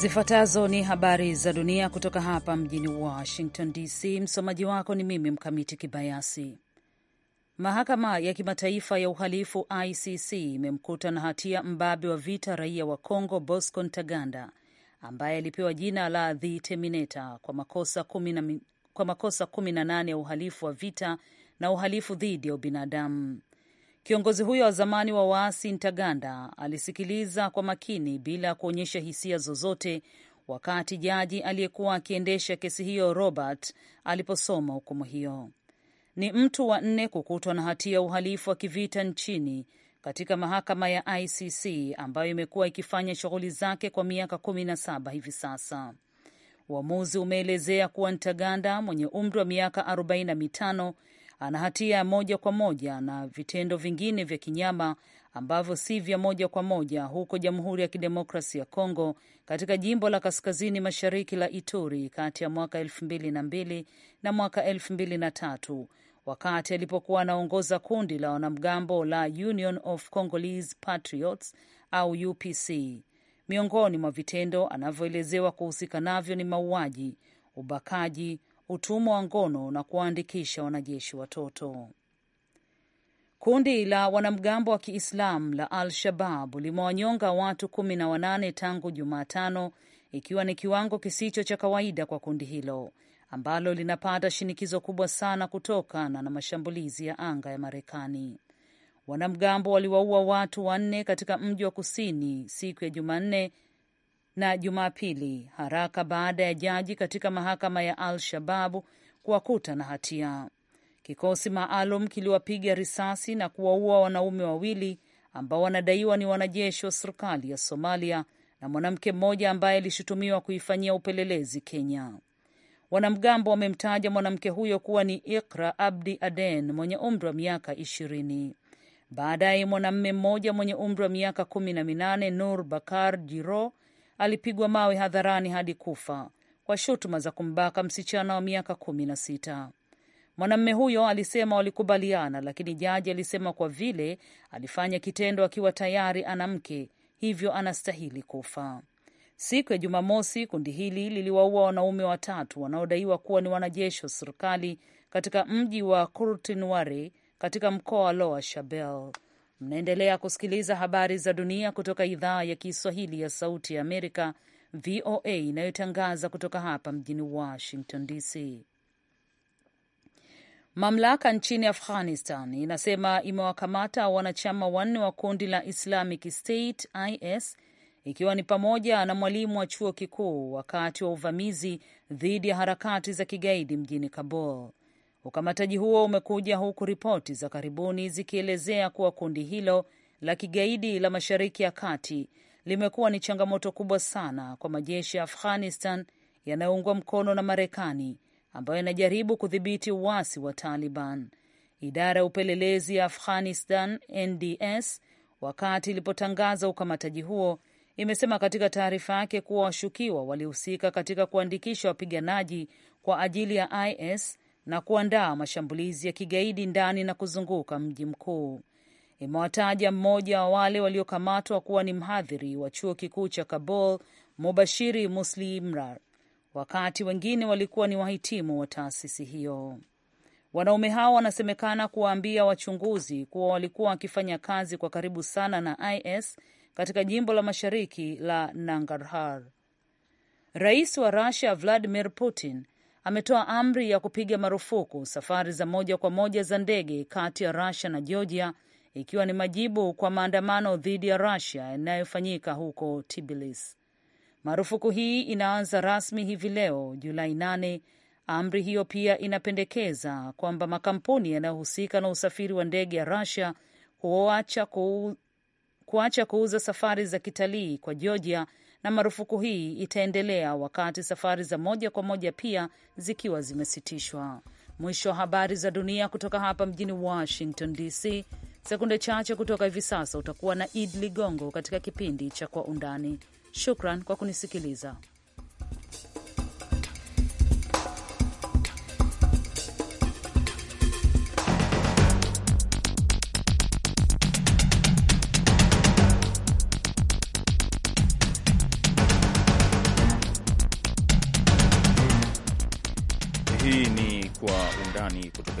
Zifuatazo ni habari za dunia kutoka hapa mjini Washington DC. Msomaji wako ni mimi Mkamiti Kibayasi. Mahakama ya Kimataifa ya Uhalifu ICC imemkuta na hatia mbabe wa vita raia wa Congo Bosco Ntaganda ambaye alipewa jina la The Terminator kwa makosa kumi na kwa makosa kumi na nane ya uhalifu wa vita na uhalifu dhidi ya ubinadamu. Kiongozi huyo wa zamani wa waasi Ntaganda alisikiliza kwa makini bila kuonyesha hisia zozote wakati jaji aliyekuwa akiendesha kesi hiyo Robert aliposoma hukumu hiyo. Ni mtu wa nne kukutwa na hatia ya uhalifu wa kivita nchini katika mahakama ya ICC ambayo imekuwa ikifanya shughuli zake kwa miaka kumi na saba hivi sasa. Uamuzi umeelezea kuwa Ntaganda mwenye umri wa miaka mitano ana hatia ya moja kwa moja na vitendo vingine vya kinyama ambavyo si vya moja kwa moja huko Jamhuri ya Kidemokrasi ya Kongo katika jimbo la kaskazini mashariki la Ituri kati ya mwaka elfu mbili na mbili na mwaka elfu mbili na tatu wakati alipokuwa anaongoza kundi la wanamgambo la Union of Congolese Patriots au UPC. Miongoni mwa vitendo anavyoelezewa kuhusika navyo ni mauaji, ubakaji, utumwa wa ngono na kuwaandikisha wanajeshi watoto. Kundi la wanamgambo wa Kiislamu la Al-Shabab limewanyonga watu kumi na wanane tangu Jumatano, ikiwa ni kiwango kisicho cha kawaida kwa kundi hilo ambalo linapata shinikizo kubwa sana kutokana na mashambulizi ya anga ya Marekani. Wanamgambo waliwaua watu wanne katika mji wa kusini siku ya Jumanne na Jumapili, haraka baada ya jaji katika mahakama ya Al Shababu kuwakuta na hatia. Kikosi maalum kiliwapiga risasi na kuwaua wanaume wawili ambao wanadaiwa ni wanajeshi wa serikali ya Somalia na mwanamke mmoja ambaye alishutumiwa kuifanyia upelelezi Kenya. Wanamgambo wamemtaja mwanamke huyo kuwa ni Ikra Abdi Aden mwenye umri wa miaka ishirini. Baadaye mwanamme mmoja mwenye umri wa miaka kumi na minane Nur Bakar Jiro alipigwa mawe hadharani hadi kufa kwa shutuma za kumbaka msichana wa miaka kumi na sita. Mwanamume huyo alisema walikubaliana, lakini jaji alisema kwa vile alifanya kitendo akiwa tayari ana mke, hivyo anastahili kufa. Siku ya Jumamosi, kundi hili liliwaua wanaume watatu wanaodaiwa kuwa ni wanajeshi wa serikali katika mji wa Kurtinware katika mkoa wa loa Shabelle. Mnaendelea kusikiliza habari za dunia kutoka idhaa ya Kiswahili ya Sauti ya Amerika, VOA, inayotangaza kutoka hapa mjini Washington DC. Mamlaka nchini Afghanistan inasema imewakamata wanachama wanne wa kundi la Islamic State IS ikiwa ni pamoja na mwalimu wa chuo kikuu wakati wa uvamizi dhidi ya harakati za kigaidi mjini Kabul. Ukamataji huo umekuja huku ripoti za karibuni zikielezea kuwa kundi hilo la kigaidi la Mashariki ya Kati limekuwa ni changamoto kubwa sana kwa majeshi ya Afghanistan yanayoungwa mkono na Marekani ambayo yanajaribu kudhibiti uasi wa Taliban. Idara ya upelelezi ya Afghanistan NDS wakati ilipotangaza ukamataji huo imesema katika taarifa yake kuwa washukiwa walihusika katika kuandikisha wapiganaji kwa ajili ya IS na kuandaa mashambulizi ya kigaidi ndani na kuzunguka mji mkuu. Imewataja mmoja wa wale waliokamatwa kuwa ni mhadhiri wa chuo kikuu cha Kabul, Mubashiri Muslimrar, wakati wengine walikuwa ni wahitimu wa taasisi hiyo. Wanaume hao wanasemekana kuwaambia wachunguzi kuwa walikuwa wakifanya kazi kwa karibu sana na IS katika jimbo la mashariki la Nangarhar. Rais wa rusia Vladimir Putin ametoa amri ya kupiga marufuku safari za moja kwa moja za ndege kati ya Russia na Georgia ikiwa ni majibu kwa maandamano dhidi ya rusia yanayofanyika huko Tbilisi. Marufuku hii inaanza rasmi hivi leo Julai nane. Amri hiyo pia inapendekeza kwamba makampuni yanayohusika na usafiri wa ndege ya Russia kuacha kuuza safari za kitalii kwa Georgia na marufuku hii itaendelea wakati safari za moja kwa moja pia zikiwa zimesitishwa. Mwisho wa habari za dunia kutoka hapa mjini Washington DC. Sekunde chache kutoka hivi sasa utakuwa na Id Ligongo katika kipindi cha Kwa Undani. Shukran kwa kunisikiliza.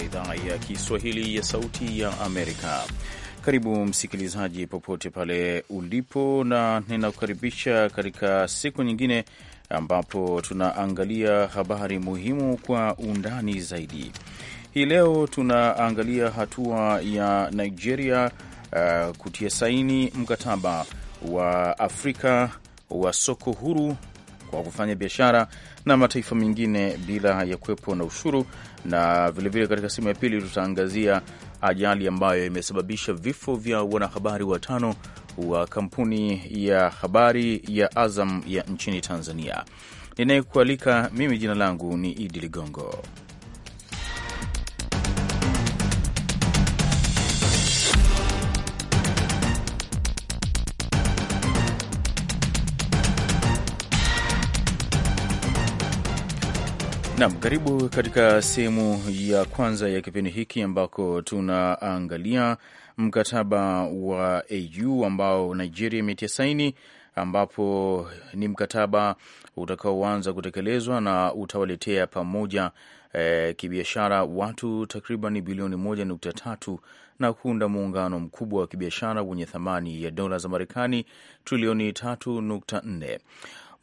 idhaa ya Kiswahili ya Sauti ya Amerika. Karibu msikilizaji, popote pale ulipo, na ninakukaribisha katika siku nyingine ambapo tunaangalia habari muhimu kwa undani zaidi. Hii leo tunaangalia hatua ya Nigeria uh, kutia saini mkataba wa Afrika wa soko huru kwa kufanya biashara na mataifa mengine bila ya kuwepo na ushuru. Na vilevile katika sehemu ya pili tutaangazia ajali ambayo imesababisha vifo vya wanahabari watano wa kampuni ya habari ya Azam ya nchini Tanzania. Ninayekualika mimi, jina langu ni Idi Ligongo. Nam, karibu katika sehemu ya kwanza ya kipindi hiki ambako tunaangalia mkataba wa AU ambao Nigeria imetia saini, ambapo ni mkataba utakaoanza kutekelezwa na utawaletea pamoja e, kibiashara watu takriban bilioni moja nukta tatu na kuunda muungano mkubwa wa kibiashara wenye thamani ya dola za Marekani trilioni tatu nukta nne.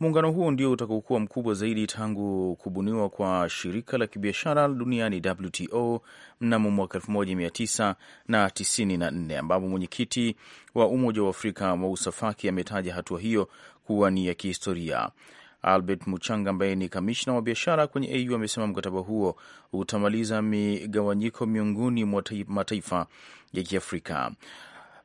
Muungano huo ndio utakaokuwa mkubwa zaidi tangu kubuniwa kwa shirika la kibiashara duniani WTO mnamo mwaka 1994 ambapo mwenyekiti wa Umoja wa Afrika Mousa Faki ametaja hatua hiyo kuwa ni ya kihistoria. Albert Muchanga ambaye ni kamishna wa biashara kwenye AU amesema mkataba huo utamaliza migawanyiko miongoni mwa mataifa ya Kiafrika.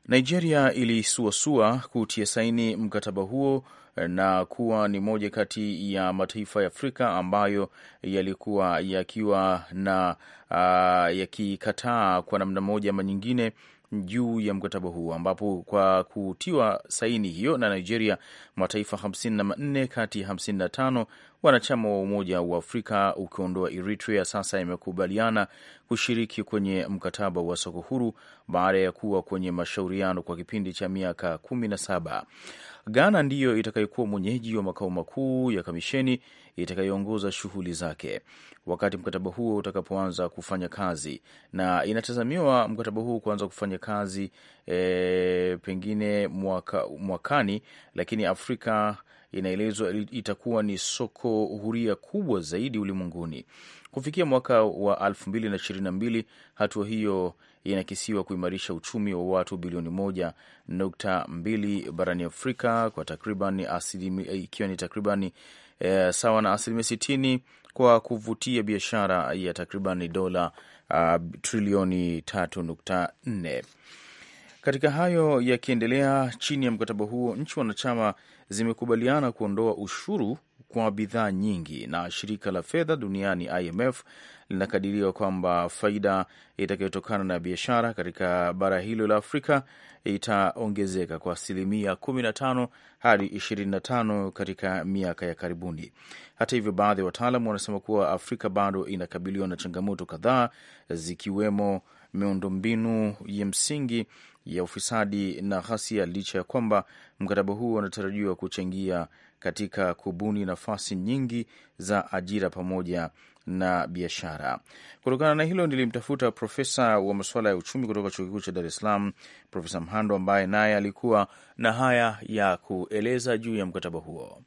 Nigeria ilisuasua kutia saini mkataba huo na kuwa ni moja kati ya mataifa ya Afrika ambayo yalikuwa yakiwa na uh, yakikataa kwa namna moja ama nyingine juu ya mkataba huu ambapo kwa kutiwa saini hiyo na Nigeria mataifa 54 kati ya 55 wanachama wa Umoja wa Afrika ukiondoa Eritrea sasa imekubaliana kushiriki kwenye mkataba wa soko huru baada ya kuwa kwenye mashauriano kwa kipindi cha miaka kumi na saba. Ghana ndiyo itakayokuwa mwenyeji wa makao makuu ya kamisheni itakayoongoza shughuli zake wakati mkataba huo utakapoanza kufanya kazi, na inatazamiwa mkataba huo kuanza kufanya kazi e, pengine mwaka, mwakani, lakini Afrika inaelezwa itakuwa ni soko huria kubwa zaidi ulimwenguni kufikia mwaka wa 2022. Hatua hiyo inakisiwa kuimarisha uchumi wa watu bilioni 1.2 barani Afrika kwa takriban ikiwa ni takriban e, eh, sawa na asilimia 60 kwa kuvutia biashara ya takriban dola ah, trilioni 3.4. Katika hayo yakiendelea, chini ya mkataba huo nchi wanachama zimekubaliana kuondoa ushuru kwa bidhaa nyingi, na shirika la fedha duniani IMF linakadiriwa kwamba faida itakayotokana na biashara katika bara hilo la Afrika itaongezeka kwa asilimia 15 hadi 25 katika miaka ya karibuni. Hata hivyo, baadhi ya wataalam wanasema kuwa Afrika bado inakabiliwa na changamoto kadhaa zikiwemo miundombinu ya msingi ya ufisadi na ghasia, licha ya kwamba mkataba huu unatarajiwa kuchangia katika kubuni nafasi nyingi za ajira pamoja na biashara. Kutokana na hilo, nilimtafuta profesa wa masuala ya uchumi kutoka chuo kikuu cha Dar es Salaam, Profesa Mhando, ambaye naye alikuwa na haya ya kueleza juu ya mkataba huo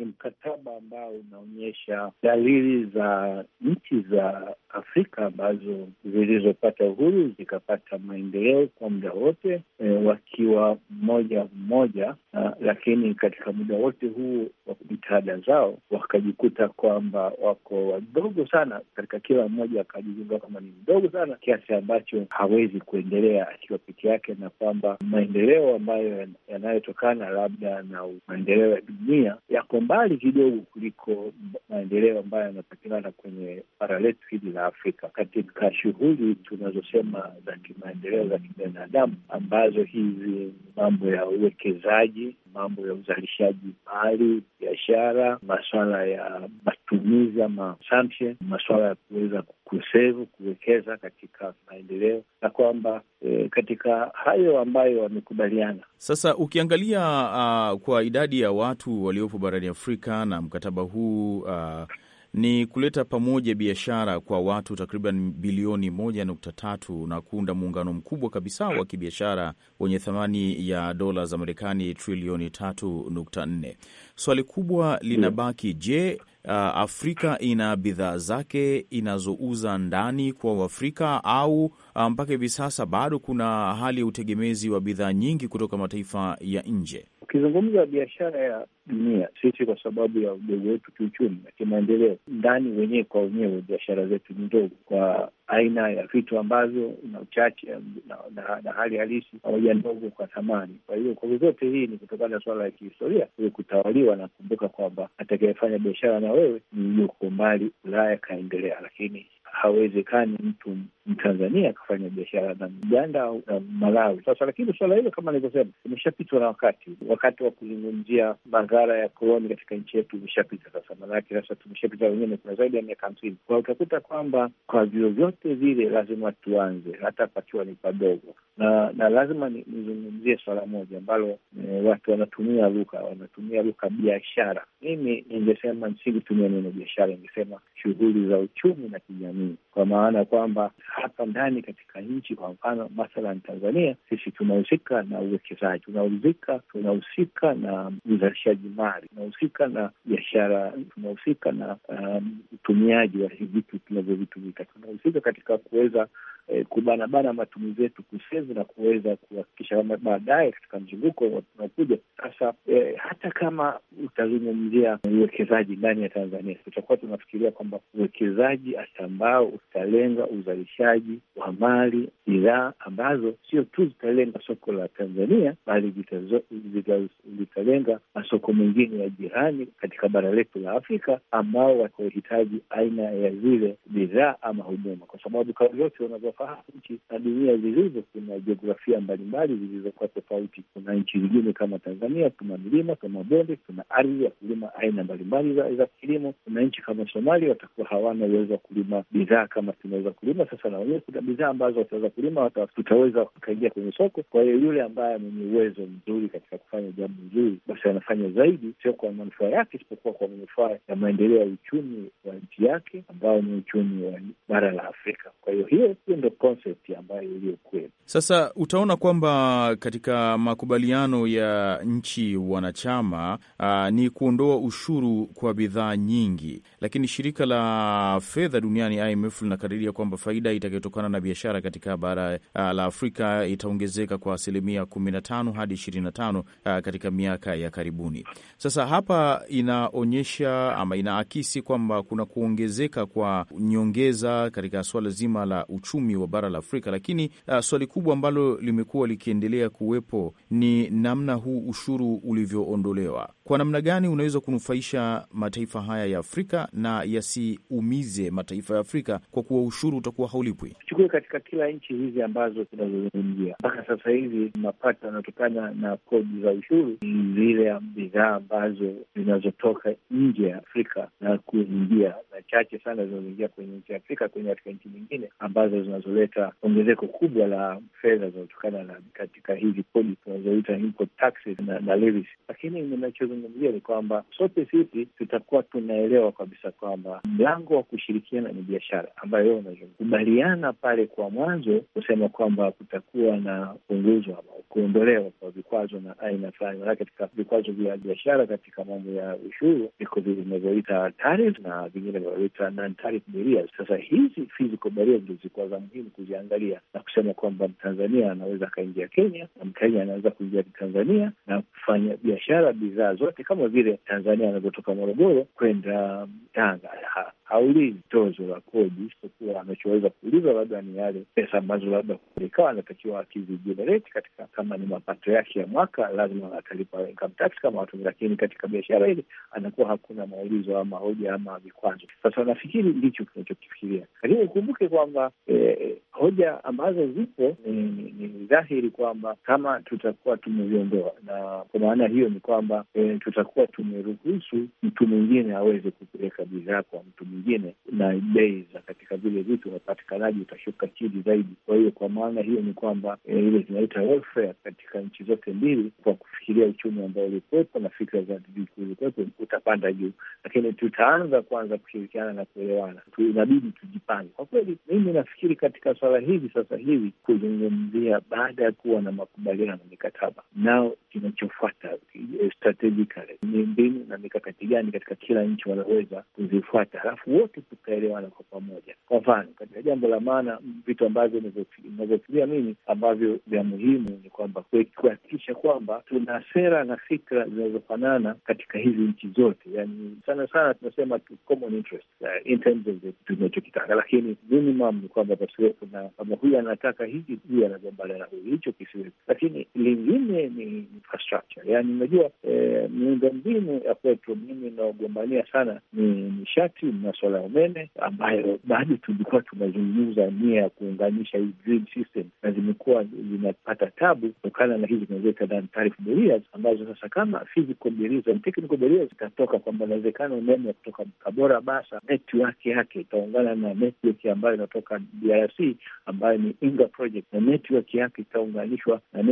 ni mkataba ambao unaonyesha dalili za nchi za Afrika ambazo zilizopata uhuru zikapata maendeleo kwa muda wote e, wakiwa mmoja mmoja lakini katika muda wote huu wa jitihada zao wakajikuta kwamba wako wadogo sana katika kila mmoja akajikuta kwamba ni mdogo sana kiasi ambacho hawezi kuendelea akiwa peke yake, na kwamba maendeleo ambayo yanayotokana labda na maendeleo ya dunia yako mbali kidogo kuliko maendeleo ambayo yanapatikana kwenye bara letu hili la Afrika katika shughuli tunazosema za kimaendeleo za kibinadamu ambazo hizi mambo ya uwekezaji mambo ya uzalishaji mali, biashara, maswala ya matumizi ama consumption, maswala ya kuweza kusevu, kuwekeza katika maendeleo na kwamba e, katika hayo ambayo wamekubaliana. Sasa ukiangalia uh, kwa idadi ya watu waliopo barani Afrika na mkataba huu uh, ni kuleta pamoja biashara kwa watu takriban bilioni 1.3 na kuunda muungano mkubwa kabisa wa kibiashara wenye thamani ya dola za Marekani trilioni 3.4. Swali kubwa linabaki, je, Afrika ina bidhaa zake inazouza ndani kwa Uafrika au mpaka hivi sasa bado kuna hali ya utegemezi wa bidhaa nyingi kutoka mataifa ya nje? Ukizungumza biashara ya dunia, sisi kwa sababu ya udogo wetu kiuchumi na kimaendeleo, ndani wenyewe kwa wenyewe biashara zetu ni ndogo kwa aina ya vitu ambavyo na uchache na, na, na hali halisi pamoja ndogo kwa thamani. Kwa hiyo kwa vyovyote, hii ni kutokana na suala ya kihistoria ili kutawaliwa na kumbuka kwamba atakayefanya biashara na wewe ni yuko mbali Ulaya kaendelea, lakini hawezekani mtu Mtanzania akafanya biashara na Uganda au na Malawi sasa. Lakini suala hilo kama nilivyosema, imeshapitwa na wakati. Wakati wa kuzungumzia madhara ya koloni katika nchi yetu imeshapita sasa, maanake sasa tumeshapita wengine, kuna zaidi ya miaka hamsini. Kwa utakuta kwamba kwa vyovyote vile lazima tuanze, hata pakiwa ni padogo, na na lazima nizungumzie swala moja ambalo e, watu wanatumia lugha wanatumia lugha biashara. Mimi ningesema nisikutumia neno biashara, ingesema shughuli za uchumi na kijamii kijamii, kwa maana kwamba hapa ndani katika nchi, kwa mfano mathalan Tanzania, sisi tunahusika na uwekezaji, tunahusika tunahusika na uzalishaji mali, tunahusika na biashara, tunahusika na um, utumiaji um, wa vitu tunavyovitumika, tunahusika katika kuweza eh, kubanabana matumizi yetu, kusevu na kuweza kuhakikisha kwamba baadaye katika mzunguko tunakuja sasa. Eh, hata kama utazungumzia uwekezaji ndani ya Tanzania, tutakuwa tunafikiria kwamba uwekezaji asamba ambao utalenga uzalishaji wa mali bidhaa ambazo sio tu zitalenga soko la Tanzania bali zitalenga masoko mengine ya jirani katika bara letu la Afrika ambao watahitaji aina ya zile bidhaa ama huduma, kwa sababu kama vyote unavyofahamu nchi na dunia zilivyo, kuna jiografia mbalimbali zilizokuwa tofauti. Kuna nchi zingine kama Tanzania, tuna milima, tuna mabonde, tuna ardhi ya kulima aina mbalimbali za, za kilimo. Kuna nchi kama Somalia watakuwa hawana uwezo wa kulima bidhaa kama tunaweza kulima sasa, na wenyewe kuna bidhaa ambazo wataweza kulima, tutaweza tukaingia kwenye soko. Kwa hiyo yule ambaye mwenye uwezo mzuri katika kufanya jambo nzuri, basi anafanya zaidi, sio kwa manufaa yake, isipokuwa kwa manufaa ya maendeleo ya uchumi wa nchi yake, ambao ni uchumi wa bara la Afrika. Kwa hiyo hiyo hiyo ndo concept ambayo iliyokweli. Sasa utaona kwamba katika makubaliano ya nchi wanachama aa, ah, ni kuondoa ushuru kwa bidhaa nyingi lakini shirika la fedha duniani IMF linakadiria kwamba faida itakayotokana na biashara katika bara ah, la Afrika itaongezeka kwa asilimia 15 hadi 25 ah, katika miaka ya karibuni. Sasa hapa inaonyesha ama inaakisi kwamba kuna kuongezeka kwa nyongeza katika swala zima la uchumi wa bara la Afrika, lakini ah, swali kubwa ambalo limekuwa likiendelea kuwepo ni namna huu ushuru ulivyoondolewa, kwa namna gani unaweza kunufaisha mataifa haya ya Afrika na yasiumize mataifa ya Afrika kwa kuwa ushuru utakuwa haulipwi? Chukue katika kila nchi hizi ambazo tunazozungumzia mpaka sasa hivi, mapato yanatokana na kodi za ushuru ni zile bidhaa ambazo zinazotoka nje ya Afrika na kuingia, na chache sana zinazoingia kwenye nchi ya Afrika kwenye katika nchi nyingine ambazo zinazoleta ongezeko kubwa la fedha zinazotokana na katika hizi kodi tunazoita import taxes na levies. Lakini ninachozungumzia ni kwamba sote sisi tutakuwa tunaelewa kabisa kabisa kwamba mlango wa kushirikiana ni biashara ambayo unakubaliana pale kwa mwanzo kusema kwamba kutakuwa na punguzo ama kuondolewa kwa vikwazo na aina fulani, manake katika vikwazo vya biashara katika mambo ya ushuru viko vile vinavyoita na vingine vinavyoita non tariff barriers. Sasa hizi physical barriers zilikuwa za muhimu kuziangalia na kusema kwamba Mtanzania anaweza akaingia Kenya na Mkenya anaweza kuingia Tanzania na kufanya biashara bidhaa zote kama vile Tanzania anavyotoka Morogoro kwenda Tanga hauli tozo la kodi, isipokuwa anachoweza kuuliza labda ni yale pesa ambazo labda ikawa anatakiwa akizijenereti katika, kama ni mapato yake ya mwaka, lazima atalipa income tax kama watu, lakini katika biashara ile anakuwa hakuna maulizo ama hoja ama vikwazo. Sasa nafikiri ndicho kinachokifikiria, lakini ukumbuke kwamba eh, hoja ambazo zipo ni, ni, ni dhahiri kwamba kama tutakuwa tumeviondoa, na kwa maana hiyo ni kwamba eh, tutakuwa tumeruhusu mtu mwingine aweze kupeleka katika bidhaa kwa mtu mwingine, na bei za katika vile vitu unapatikanaji upatikanaji utashuka chini zaidi. Kwa hiyo kwa maana hiyo ni kwamba eh, ile zinaita welfare katika nchi zote mbili, kwa kufikiria uchumi ambao ulikuwepo na fikra za zilikuwepo utapanda juu, lakini tutaanza kwanza kushirikiana na kuelewana. Inabidi tujipange kwa kweli. Mimi nafikiri katika swala hili sasa hivi kuzungumzia baada ya kuwa na makubaliano na mikataba, nao kinachofuata eh, strategically ni mbinu na mikakati gani katika kila nchi wanaweza kuzifuata, halafu wote tukaelewana kwa pamoja. Kwa mfano, katika jambo la maana, vitu ambavyo inavyofikiria mimi ambavyo vya muhimu ni kwamba kuhakikisha kwamba tuna sera na fikra zinazofanana katika hizi nchi zote, yani sana sana tunasema common interest uh, in terms of tunachokitaka, lakini minimum ni kwamba pasiwepo na kama huyu anataka hiki, huyu anagombana na huyu, hicho kisiwepo. Lakini lingine ni infrastructure, yani unajua eh, miundo mbinu ya kwetu, mimi inaogombania sana ni nishati maswala ya umeme ambayo bado tulikuwa tunazungumza nia ya kuunganisha hii system, na zimekuwa zinapata tabu kutokana na hizi tunazoweka tariff barriers, ambazo sasa kama physical barriers and technical barriers zitatoka kwamba inawezekana umeme wa kutoka Tabora Basa network yake itaungana na network ambayo inatoka DRC ambayo ni Inga project, na network yake itaunganishwa na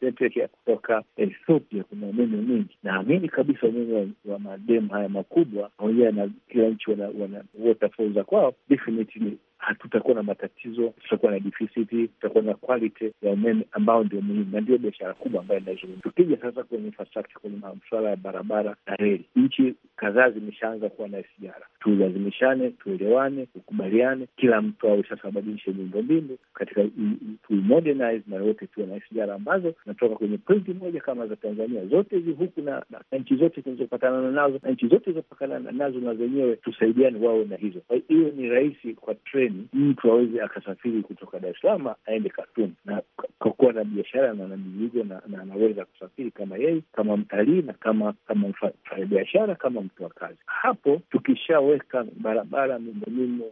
network ya kutoka Ethiopia. Kuna umeme mwingi, naamini kabisa umeme wa mademu haya makubwa pamoja na kila nchi wana waterfall za kwao, definitely hatutakuwa na matatizo, tutakuwa na difisiti, tutakuwa na quality ya umeme ambao ndio muhimu na ndio biashara kubwa ambayo inazungumza. Tukija sasa kwenye infrastructure, kwenye masuala ya barabara na reli, nchi kadhaa zimeshaanza kuwa na sijara. Tulazimishane, tuelewane, tukubaliane, kila mtu awe sasa abadilishe miundo mbinu katika tuimodernize na yote tuwe na sijara ambazo natoka kwenye pointi moja kama za Tanzania zote hizi huku na, na nchi zote na nazo na nchi zote zinazopakana nazo na zenyewe tusaidiane, wawe na hizo. Hiyo ni rahisi kwa trend mtaani, mtu aweze akasafiri kutoka Dar es Salaam aende katumu na kuwa na biashara na na mizigo na anaweza kusafiri kama yeye, kama mtalii na kama kama mfanyabiashara, kama mtu wa kazi. Hapo tukishaweka barabara, miundombinu,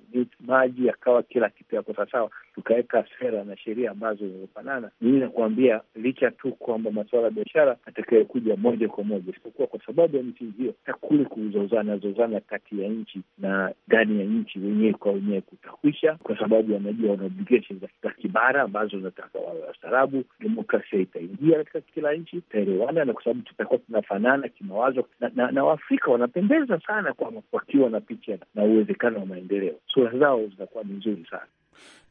maji, yakawa kila kitu yako sawasawa, tukaweka sera na sheria ambazo zinazofanana, mimi nakuambia licha tu kwamba masuala ya biashara atakayokuja moja kwa moja, isipokuwa kwa sababu ya misingi hiyo takule kuzozana zozana kati ya nchi na ndani ya nchi wenyewe kwa wenyewe kuta umekwisha, kwa sababu wanajua wana za kibara ambazo zinataka wawe wastarabu. Demokrasia itaingia katika kila nchi, itaelewana, na kwa sababu tutakuwa tunafanana kimawazo, na, na, na Waafrika wanapendeza sana kwa wakiwa na picha na uwezekano wa maendeleo, sura zao zitakuwa ni nzuri sana.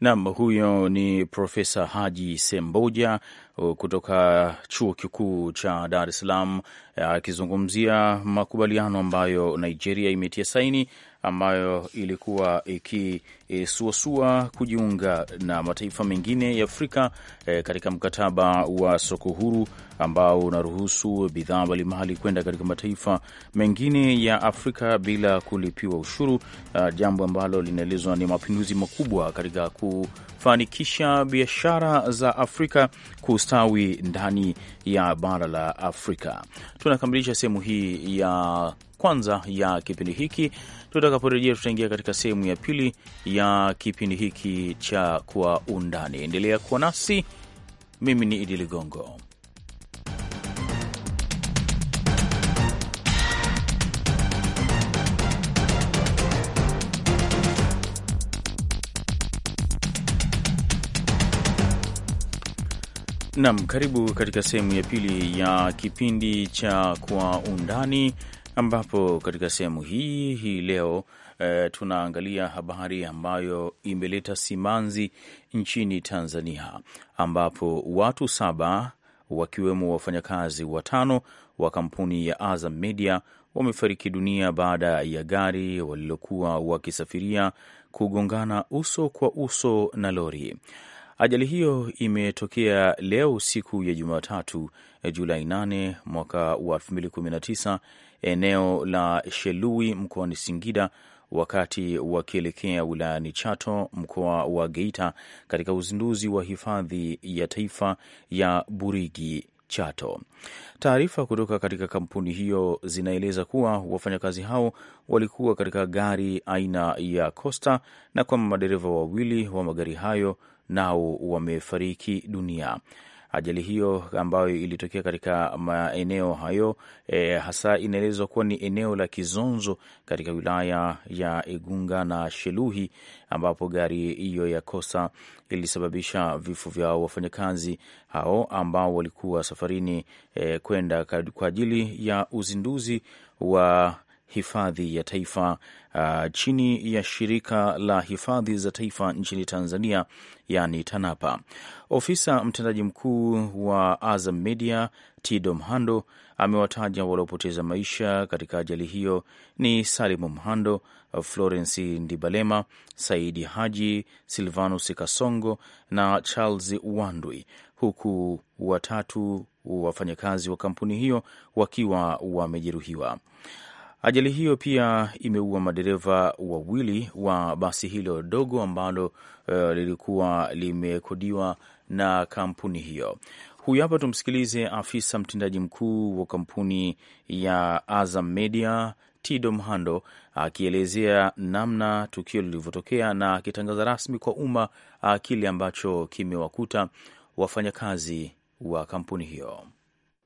Nam, huyo ni Profesa Haji Semboja uh, kutoka Chuo Kikuu cha Dar es Salaam uh, akizungumzia makubaliano ambayo Nigeria imetia saini ambayo ilikuwa ikisuasua kujiunga na mataifa mengine ya Afrika e, katika mkataba wa soko huru ambao unaruhusu bidhaa mbalimbali kwenda katika mataifa mengine ya Afrika bila kulipiwa ushuru, a, eh, jambo ambalo linaelezwa ni mapinduzi makubwa katika kufanikisha biashara za Afrika kustawi ndani ya bara la Afrika. Tunakamilisha sehemu hii ya kwanza ya kipindi hiki. Tutakaporejea tutaingia katika sehemu ya pili ya kipindi hiki cha Kwa Undani. Endelea kuwa nasi, mimi ni Idi Ligongo. Nam, karibu katika sehemu ya pili ya kipindi cha Kwa Undani ambapo katika sehemu hii hii leo e, tunaangalia habari ambayo imeleta simanzi nchini Tanzania, ambapo watu saba wakiwemo wafanyakazi watano wa kampuni ya Azam Media wamefariki dunia baada ya gari walilokuwa wakisafiria kugongana uso kwa uso na lori. Ajali hiyo imetokea leo siku ya Jumatatu, eh, Julai 8 mwaka wa 2019 eneo la Shelui mkoani Singida wakati wakielekea wilayani Chato mkoa wa Geita katika uzinduzi wa hifadhi ya taifa ya Burigi Chato. Taarifa kutoka katika kampuni hiyo zinaeleza kuwa wafanyakazi hao walikuwa katika gari aina ya Costa na kwamba madereva wawili wa magari hayo nao wamefariki dunia. Ajali hiyo ambayo ilitokea katika maeneo hayo e, hasa inaelezwa kuwa ni eneo la Kizonzo katika wilaya ya Igunga na Sheluhi, ambapo gari hiyo ya kosa ilisababisha vifo vya wafanyakazi hao ambao walikuwa safarini e, kwenda kwa ajili ya uzinduzi wa hifadhi ya taifa uh, chini ya shirika la hifadhi za taifa nchini Tanzania, yani TANAPA. Ofisa mtendaji mkuu wa Azam Media Tido Mhando amewataja waliopoteza maisha katika ajali hiyo ni Salimu Mhando, Florensi Ndibalema, Saidi Haji, Silvanus Kasongo na Charles Wandwi, huku watatu wafanyakazi wa kampuni hiyo wakiwa wamejeruhiwa. Ajali hiyo pia imeua madereva wawili wa basi hilo dogo ambalo uh, lilikuwa limekodiwa na kampuni hiyo. Huyu hapa tumsikilize afisa mtendaji mkuu wa kampuni ya Azam Media Tido Mhando akielezea namna tukio lilivyotokea na akitangaza rasmi kwa umma ah, kile ambacho kimewakuta wafanyakazi wa kampuni hiyo.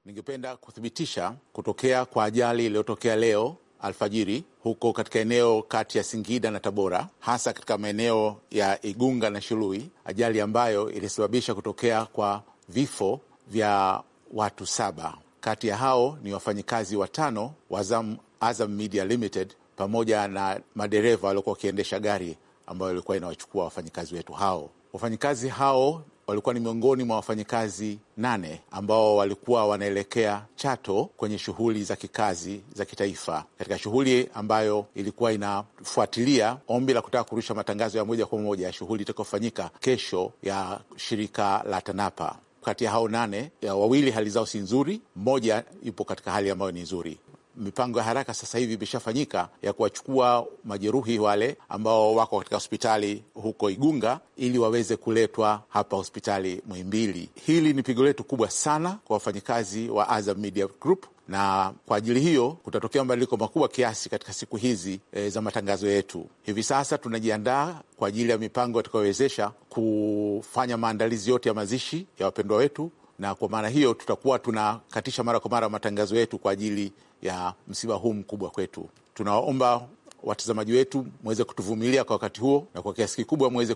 Ningependa kuthibitisha kutokea kwa ajali iliyotokea leo alfajiri huko katika eneo kati ya Singida na Tabora, hasa katika maeneo ya Igunga na Shului, ajali ambayo ilisababisha kutokea kwa vifo vya watu saba. Kati ya hao ni wafanyikazi watano wa Azam, Azam Media Limited pamoja na madereva waliokuwa wakiendesha gari ambayo ilikuwa inawachukua wafanyikazi wetu hao. Wafanyikazi hao walikuwa ni miongoni mwa wafanyikazi nane ambao walikuwa wanaelekea Chato kwenye shughuli za kikazi za kitaifa, katika shughuli ambayo ilikuwa inafuatilia ombi la kutaka kurusha matangazo ya moja kwa moja ya shughuli itakayofanyika kesho ya shirika la TANAPA. Kati ya hao nane ya wawili hali zao si nzuri, mmoja yupo katika hali ambayo ni nzuri mipango ya haraka sasa hivi imeshafanyika ya kuwachukua majeruhi wale ambao wako katika hospitali huko Igunga ili waweze kuletwa hapa hospitali Muhimbili. Hili ni pigo letu kubwa sana kwa wafanyikazi wa Azam Media Group na kwa ajili hiyo kutatokea mabadiliko makubwa kiasi katika siku hizi e, za matangazo yetu. Hivi sasa tunajiandaa kwa ajili ya mipango itakayowezesha kufanya maandalizi yote ya mazishi ya wapendwa wetu, na kwa maana hiyo tutakuwa tunakatisha mara kwa mara matangazo yetu kwa ajili ya msiba huu mkubwa kwetu. Tunawaomba watazamaji wetu mweze kutuvumilia kwa wakati huo na kwa kiasi kikubwa mweze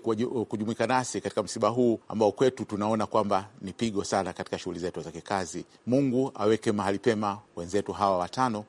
kujumuika nasi katika msiba huu ambao kwetu tunaona kwamba ni pigo sana katika shughuli zetu za kikazi. Mungu aweke mahali pema wenzetu hawa watano.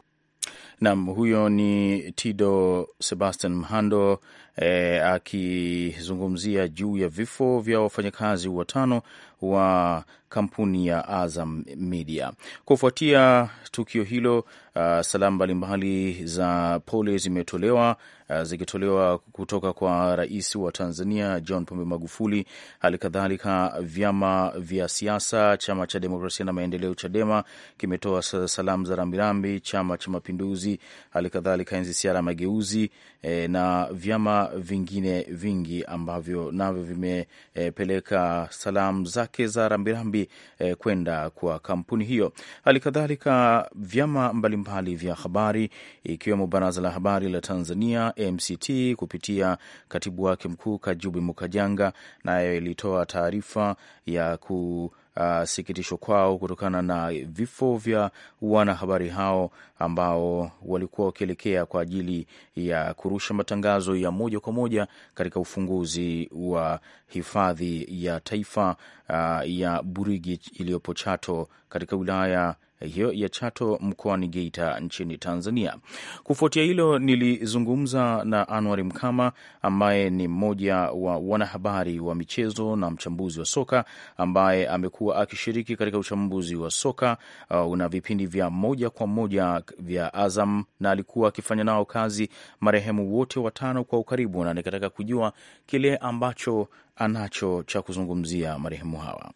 Nam, huyo ni Tido Sebastian Mhando eh, akizungumzia juu ya vifo vya wafanyakazi watano wa kampuni ya Azam Media. Kufuatia tukio hilo, uh, salamu mbalimbali za pole zimetolewa uh, zikitolewa kutoka kwa rais wa Tanzania John Pombe Magufuli, hali kadhalika vyama vya siasa, chama cha demokrasia na maendeleo CHADEMA kimetoa salamu za rambirambi, chama cha mapinduzi, hali kadhalika NCCR Mageuzi eh, na vyama vingine vingi ambavyo navyo vimepeleka eh, salamu za zake za rambirambi eh, kwenda kwa kampuni hiyo. Hali kadhalika vyama mbalimbali vya habari ikiwemo Baraza la Habari la Tanzania MCT kupitia katibu wake mkuu Kajubi Mukajanga, nayo ilitoa taarifa ya ku uh, sikitisho kwao kutokana na vifo vya wanahabari hao ambao walikuwa wakielekea kwa ajili ya kurusha matangazo ya moja kwa moja katika ufunguzi wa hifadhi ya taifa uh, ya Burigi iliyopo Chato katika wilaya hiyo ya Chato mkoani Geita nchini Tanzania. Kufuatia hilo, nilizungumza na Anwar Mkama ambaye ni mmoja wa wanahabari wa michezo na mchambuzi wa soka ambaye amekuwa akishiriki katika uchambuzi wa soka uh, una vipindi vya moja kwa moja vya Azam na alikuwa akifanya nao kazi marehemu wote watano kwa ukaribu, na nikataka kujua kile ambacho anacho cha kuzungumzia marehemu hawa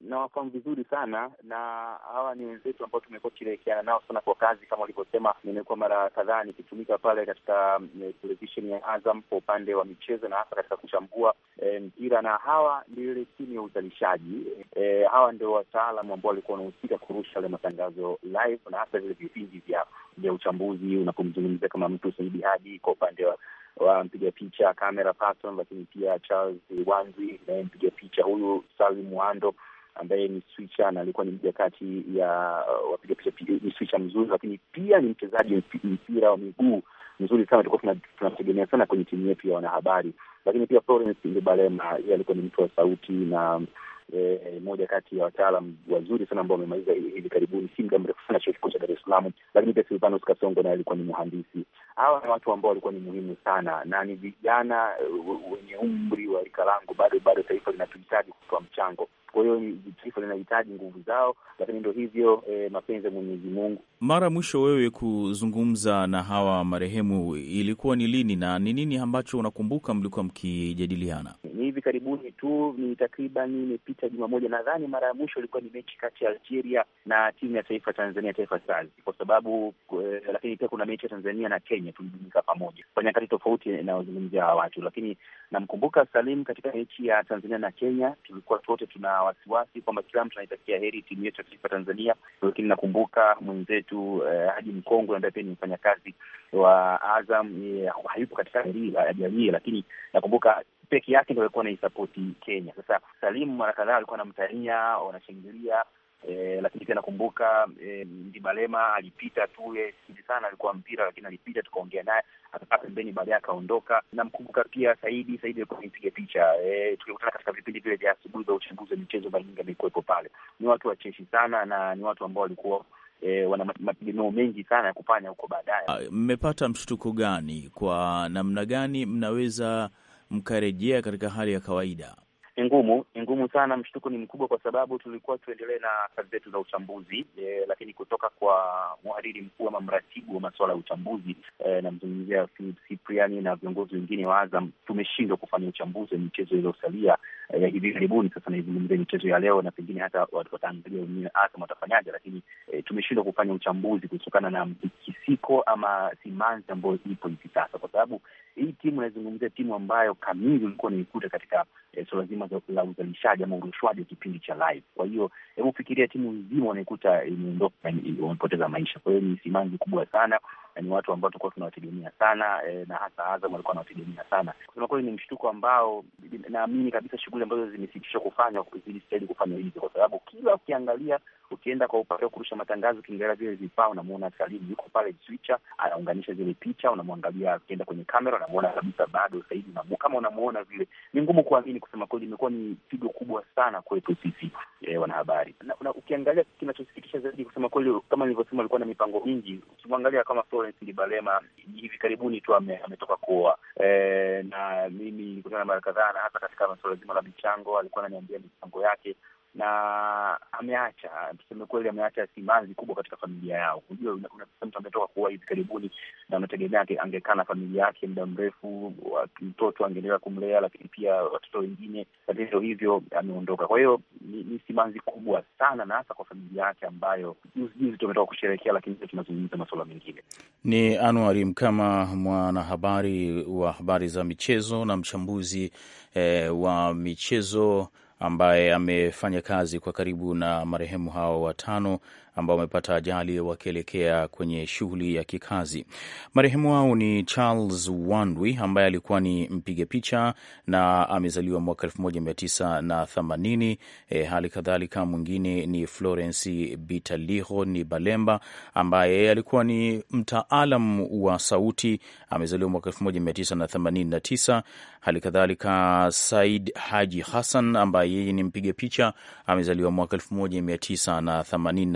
nawafahamu vizuri sana, na hawa ni wenzetu ambao tumekuwa tukirekeana nao sana kwa kazi. Kama ulivyosema, nimekuwa mara kadhaa nikitumika pale katika mm, eh, televisheni ya Azam kwa upande wa michezo na hasa katika kuchambua e, mpira, na hawa ndio ile timu ya uzalishaji e, hawa ndio wataalamu ambao walikuwa wanahusika kurusha yale matangazo live na hasa vile vipindi vya vya uchambuzi unapomzungumzia kama mtu Saidi Hadi kwa upande wa wa mpiga picha Camera Person, lakini pia Charles Wanzi naye mpiga picha huyu Salim Wando ambaye ni swicha na alikuwa ni mja kati ya uh, wapiga picha, ni swicha mzuri, lakini pia ni mchezaji mpira wa miguu mzuri sana, tulikuwa tunategemea sana kwenye timu yetu ya wanahabari. Lakini pia Florence Ndibalema, yeye alikuwa ni mtu wa sauti na eh, moja kati ya wataalam wazuri sana ambao wamemaliza hivi karibuni, si muda mrefu sana, chuo kikuu cha Dar es Salaam. Lakini pia Silvanus Kasongo naye alikuwa ni mhandisi. Hawa ni watu ambao walikuwa ni muhimu sana na ni vijana e, wenye umri wa rika langu, bado bado taifa linatuhitaji kutoa mchango kwa hiyo taifa linahitaji nguvu zao, lakini ndo hivyo e, mapenzi ya Mwenyezi Mungu. Mara mwisho wewe kuzungumza na hawa marehemu ilikuwa ni lini, na ni nini ambacho unakumbuka mlikuwa mkijadiliana? hivi karibuni tu, ni takriban imepita juma moja nadhani, mara ya mwisho ilikuwa ni mechi kati ya Algeria na timu ya taifa Tanzania, Taifa Stars, kwa sababu e, lakini pia kuna mechi ya Tanzania na Kenya tulijumuika pamoja kwa nyakati tofauti inayozungumzia hawa watu, lakini namkumbuka Salim katika mechi ya Tanzania na Kenya, tulikuwa wote tuna wasiwasi kwamba kila mtu anaitakia heri timu yetu ya taifa Tanzania, lakini nakumbuka mwenzetu eh, Haji Mkongwe ambaye pia ni mfanyakazi wa Azam eh, hayupo katika ajali, lakini nakumbuka peke yake ndio alikuwa anaisapoti Kenya. Sasa Salimu mara kadhaa alikuwa anamtania, wanashangilia E, lakini pia nakumbuka e, Ndibalema alipita tu sidi sana, alikuwa mpira lakini alipita, tukaongea naye akakaa pembeni, baadaye akaondoka. Namkumbuka pia Saidi, Saidi alikuwa anipiga picha e, tukikutana katika vipindi vile vya asubuhi vya uchambuzi wa michezo, mara nyingi amekuwepo pale. Ni watu wacheshi sana na ni watu ambao walikuwa E, wana mategemeo mengi sana ya kufanya huko baadaye. Ah, mmepata mshtuko gani? Kwa namna gani mnaweza mkarejea katika hali ya kawaida ni ngumu, ni ngumu sana. Mshtuko ni mkubwa, kwa sababu tulikuwa tuendelee na kazi zetu za uchambuzi e, lakini kutoka kwa mhariri mkuu ama mratibu wa masuala ya uchambuzi e, namzungumzia Philip Sipriani na viongozi wengine wa Azam, tumeshindwa kufanya uchambuzi wa michezo iliyosalia ya e, hivi karibuni. Sasa naizungumzia michezo ya leo, na pengine hata wataangalia wenyewe Azam watafanyaje, lakini e, tumeshindwa kufanya uchambuzi kutokana na mtikisiko ama simanzi ambayo ipo hivi sasa, kwa sababu hii timu naizungumzia timu ambayo kamili ulikuwa unaikuta katika e, suala zima la uzalishaji ama urushwaji wa kipindi cha live. Kwa hiyo hebu fikiria timu nzima wanaikuta imeondoka, wamepoteza maisha. Kwa hiyo ni simanzi kubwa sana na ni watu ambao tulikuwa tunawategemea sana e, na hasa Azam walikuwa wanawategemea sana. Kusema kweli, ni mshtuko ambao naamini kabisa shughuli ambazo zimesitishwa kufanywa zilistahili kufanywa hivyo, kwa sababu kila ukiangalia Ukienda kwa upande wa kurusha matangazo, ukiangalia vile vifaa, unamuona Salim yuko pale switcher, anaunganisha zile picha, unamwangalia. Ukienda kwenye kamera, unamuona kabisa bado sahivi, kama unamuona vile. Ni ngumu kuamini, kusema kweli, imekuwa ni pigo kubwa sana kwetu sisi eh, wanahabari na, na ukiangalia kinachosikitisha zaidi, kusema kweli, kama nilivyosema, alikuwa na mipango mingi. Ukimwangalia kama Florence Libalema hivi karibuni tu ametoka kuoa eh, na mimi nilikutana mara kadhaa, na hata katika masuala zima la michango alikuwa ananiambia mipango yake na ameacha tuseme kweli, ameacha simanzi kubwa katika familia yao. Unajua, unapesa mtu ametoka kuwa hivi karibuni na unategemea angekaa na familia yake muda mrefu, mtoto angeendelea kumlea, lakini pia watoto wengine. Tatizo hivyo ameondoka, kwa hiyo ni, ni simanzi kubwa sana, na hasa kwa familia yake ambayo juzi juzi tumetoka kusherehekea, lakini pia tunazungumza masuala mengine. Ni Anuari Mkama, mwanahabari wa habari za michezo na mchambuzi eh, wa michezo ambaye amefanya kazi kwa karibu na marehemu hao watano ambao wamepata ajali wakielekea kwenye shughuli ya kikazi. Marehemu hao ni Charles Wandwi ambaye alikuwa ni mpiga picha na amezaliwa mwaka 1980. E, eh, hali kadhalika mwingine ni Florence Bitaliho ni Balemba ambaye alikuwa ni mtaalam wa sauti, amezaliwa mwaka tisa. Hali kadhalika Said Haji Hassan ambaye yeye ni mpiga picha, amezaliwa mwaka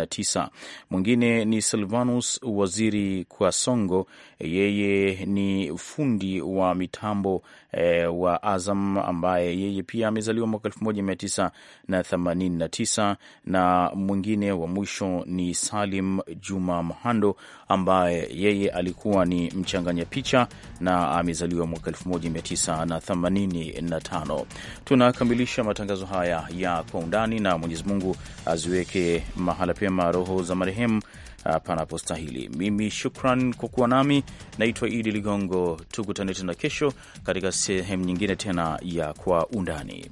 tisa tisa. Mwingine ni Silvanus Waziri Kwasongo, yeye ni fundi wa mitambo e, wa Azam ambaye yeye pia amezaliwa mwaka 1989 na mwingine wa mwisho ni Salim Juma mhando ambaye yeye alikuwa ni mchanganya picha na amezaliwa mwaka 1985. Tunakamilisha matangazo haya ya kwa undani, na Mwenyezi Mungu aziweke mahala pema roho za marehemu panapostahili. Mimi shukran kwa kuwa nami, naitwa Idi Ligongo. Tukutane tena kesho katika sehemu nyingine tena ya Kwa Undani.